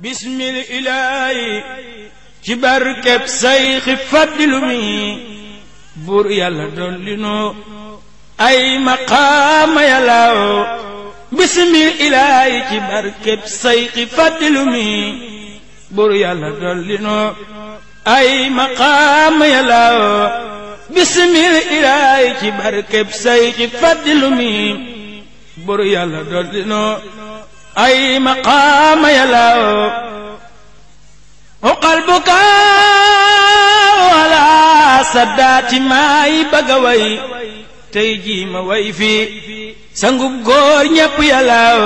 بسم الإله كبرك بسيخ فدلمي بور يلا دلنو أي مقام يلاو بسم الإله كبرك بسيخ فدلمي بور يلا دلنو أي مقام يلاو بسم الإله كبرك بسيخ فدلمي بور يلا دلنو أي مقام يلو وقلبك البكاء سدات ماي بغوي تيجي موي في سنغب غور ñepp yalaw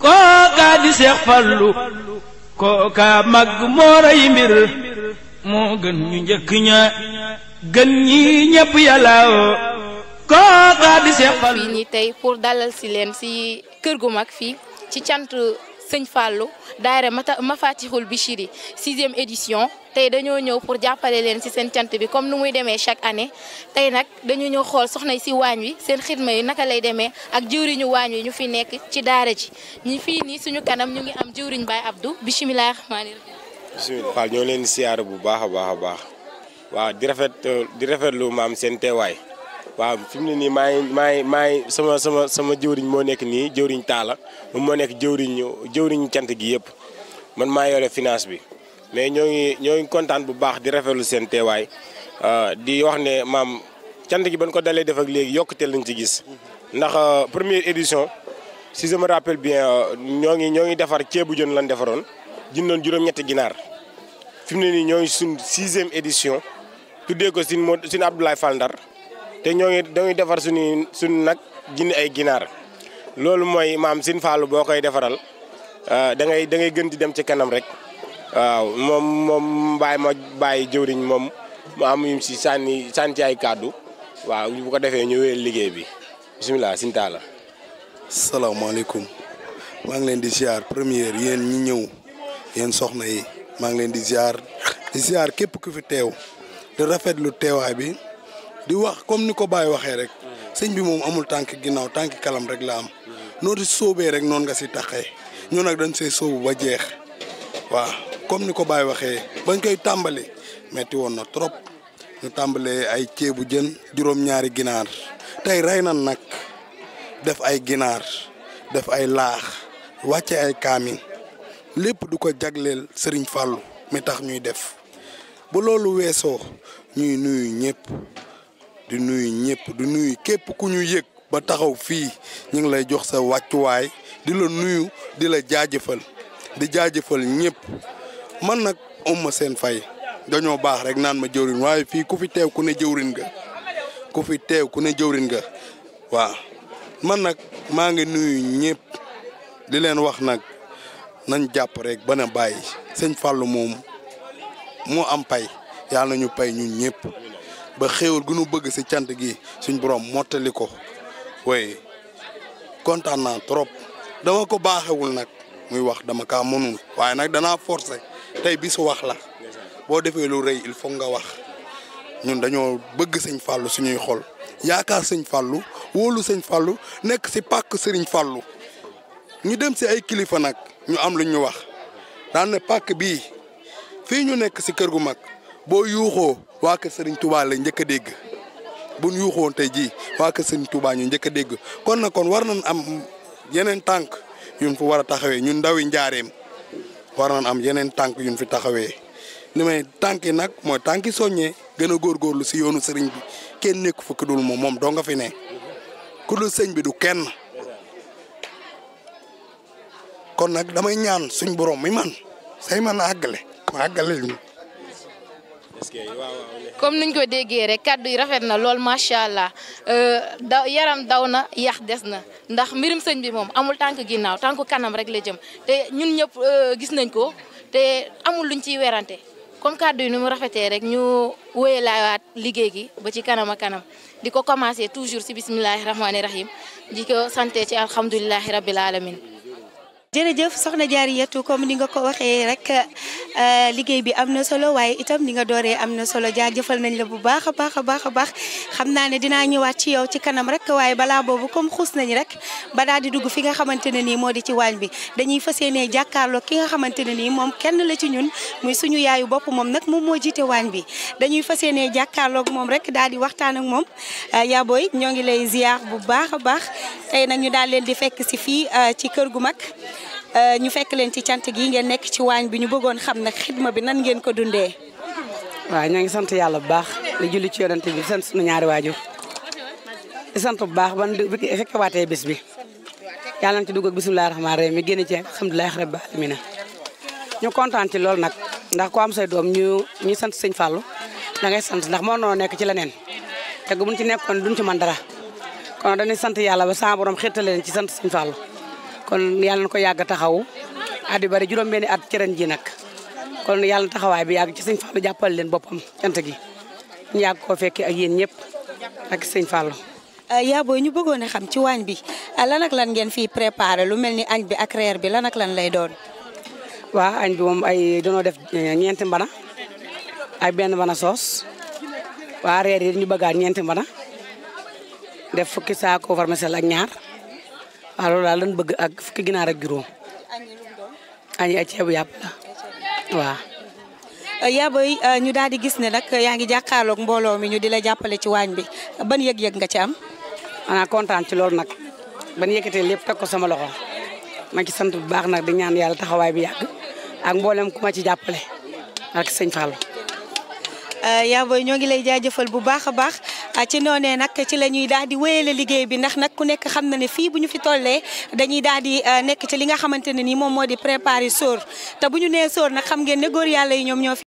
ko ka di cheikh fallu ko ka mag mo ray mbir mo gën ñu ñëk ña gën ñi ko ka di fallu tay pour kër gu mag fii ci cant sëñ fàllu Fallou daayira Mafatihul Bichri sixième édition tey dañoo ñëw pour jàppale leen ci seen cant bi comme nu muy demee chaque année tey nag dañu ñëw xool soxna si waañ wi seen xidma yi naka lay demee ak jëwriñu waañ wi ñu fi nekk ci daare ji ñi fii nii suñu kanam ñu ngi am jëwriñ Baye Abdou bisimilah rahmaani rahim. bisimilah waaw ñoo leen siyaar bu baax a baax a baax waaw di rafet di rafetlu maam seen teewaay. waaw fi mu ne nii maa ngi maa ngi maa sama sama sama jëwriñ moo nekk nii jëwriñ taala moom moo nekk jëwriñ jëwriñ cant gi yëpp man maa yore finance bi mais ñoo ngi ñoo kontaan bu baax di rafetlu seen teewaay euh, di wax ne maam cant gi bañ ko dalee def ak léegi yokkute lañ ci gis ndax euh, premier édition si je me bien euh, ñoo ngi ñoo ngi defar ceebu jën lan defaroon jëndoon juróom-ñetti ginaar fi mu ne nii ñoo ngi suñ sixième édition tuddee ko sin mo sin Abdoulaye Fall Ndar te ñoo ngi defar suñuy suñu nag jënd ay ginaar loolu mooy maam sin faalu boo koy defaral ah, da ngay da ngay gën di dem ci kanam rek waaw moom moom mbaay ma bàyyi jëwriñ moom mu am yum si sànni sànni ay kàddu waaw bu ko defee ñu wéyal liggéey bi bisimilah sin taala salaamaaleykum maa ngi leen di ziar première yéen ñi ñëw yéen soxna yi maa ngi leen di ziar di ziar képp ku fi teew di rafetlu teewaay bi di wax comme ni ko Baye waxee rek sëñ bi moom amul tànk ginnaaw tànk kalam rek la am noo di soobee rek noonu nga si taxee ñoo nag dañ see sóobu ba jeex waa comme ni ko Baye waxee bañ koy tàmbali metti woon na trop ñu tàmbalee ay ceebu jën juróom-ñaari ginaar tey rey na nag def ay ginaar def ay laax wàcce ay kaamin lépp du ko jagleel sëriñ Fallou mi tax ñuy def bu loolu weesoo ñuy nuyu ñëpp di nuyu ñëpp di nuyu képp ku ñu yëg ba taxaw fii ñu ngi lay jox sa wàccuwaay di la nuyu di la jaajëfal di jaajëfal ñépp man nag am seen fay dañoo baax rek naan ma jëwrin waaye fii ku fi teew ku ne jëwrin ga ku fi teew ku ne jëwrin ga waaw man nag maa ngi nuyu ñëpp di leen wax nag nañ jàpp rek ba na bàyyi sëñ Fallou moom moo am pay yàlla nañu pay ñun ñëpp ba xéewal gu nu bëgg si cant gi suñ borom mottali ko way kontaan naa trop dama ko baaxewul nag muy wax dama kaa mënul waaye nag danaa forcer tey bisu wax la boo defee lu rëy il faut nga wax ñun dañoo bëgg sëñ fàllu suñuy xol yaakaar sëñ fàllu wóolu sëñ fàllu nekk si pàkk sëriñ fàllu ñu dem si ay kilifa nag ñu am lu ñu wax daan ne pàkk bii fii ñu nekk si kër gu mag boo yuuxoo waa kër Serigne la njëkk a dégg bu yuuxoo yuuxoon tey jii waa kër Serigne ñu njëkk a dégg kon na kon war nañ am yeneen tànk yuñ fi war a taxawee ñun ndawi njaareem war nañ am yeneen tànk yuñ fi taxawee li may tànki nag mooy tànk yi gën a lu si yoonu sëriñ bi kenn nekk fa ku dul moom moom doo nga fi ne ku sëñ bi du kenn kon nag damay ñaan suñ borom mi man say man a àggale ma àggale comme niñ ko déggee rek kàddu yi rafet na lool macha allah euh, da yaram daw na yaax des na ndax mbirum sëñ bi moom amul tànk ginnaaw tànk kanam rek la jëm te ñun ñëpp euh, gis nañ ko te amul ñu ciy werante comme kàddu yi nu mu rafetee rek ñu wéyalaawaat liggéey gi ba ci kanam kanam di ko commencé toujours si bisimilahi rahmaani rahim di ko santé ci alhamdulilahi rabil alamin jerejeuf soxna jaariyatu comme ni nga ko waxe rek liggéey bi amna solo waye itam ni nga dooree amna solo solo jeufal nañ la bu baakha baakha baakha bax xamna ne dina ñewat ci yow ci kanam rek waye bala bobu comme xuus nañ rek ba daal di dugg fi nga xamantene ni di ci waañ bi dañuy fas yéenee jàkkaarloo ki nga xamantene ni nii moom kenn la ci ñun muy suñu yaayu bopp moom nag moom moo jiite waañ bi dañuy fas yéenee moom rek daal di waxtaan ak moom euh, yaa booy ñoo ngi lay ziar bu baax a baax tey nag ñu daal leen di fekk si fii euh, ci kër gu mag euh, ñu fekk leen ci cant gi ngeen nekk ci waañ bi ñu bëggoon xam nag xidma bi nan ngeen ko dundee. waaw ñoo ngi sant yàlla bu baax li julli ci yonante bi sant suñu ñaari waajur sant bu baax ban fekkewaatee bis bi. yàlla nañu ci dugg ak bisimilah rahmaani rahiim mi génn ci alhamdulilah rabbil aalamiina ñu kontaan ci loolu nag ndax ku am say doom ñu ñu sant sëñ Fallou da ngay sant ndax moo noo nekk ci leneen te buñ ci nekkoon duñ ci mën dara kon dañuy sant yàlla ba sama borom xirtal leen ci sant sëñ Fallou kon yàlla na ko yàgg a taxaw at yu bari juróom-benni at ci ji nag kon yàlla na taxawaay bi yàgg ci sëñ Fallou jàppal leen boppam cant gi ñu yàgg koo fekkee ak yéen ñëpp ak sëñ Fallou Eh, ya boy ñu bëggone xam ci wañ bi eh, la nak lan ngeen fi préparer lu melni ni añ bi ak reer bi la nak lan lay doon. wa añ bi mom ay dañoo def eh, ñent mbana ay ben mbana soos wa reer yi ñu bëggaat ñent mbana def fukki saako vermicelle ak ñaar wa loolu la lañ bëgg ak fukki ginaar ak juróom. añ ay ceebu yàpp la wa ya boy ñu daal di gis ne nak yaangi ngi mbolo mi ñu dila jappalé ci wañ bi ban yëg-yëg nga ci am. maanaam kontaan ci loolu nag ban yëkkatee lépp teg ko sama loxo ma ci sant bu baax nag di ñaan yàlla taxawaay bi yàgg ak mboolem ku ma ci jàppale ak sëñ Fallou. Euh, yaa booy ñoo ngi lay jaajëfal bu baax a baax ah, ci noonee nag ci la ñuy daal di wéyale liggéey bi ndax nag ku nekk xam na ne fii bu ñu fi tollee dañuy daal di euh, nekk ci li nga xamante ne nii moom moo di préparer sóor te bu ñu nee sóor nag xam ngeen ne góor yàlla yi ñoom ñoo fi.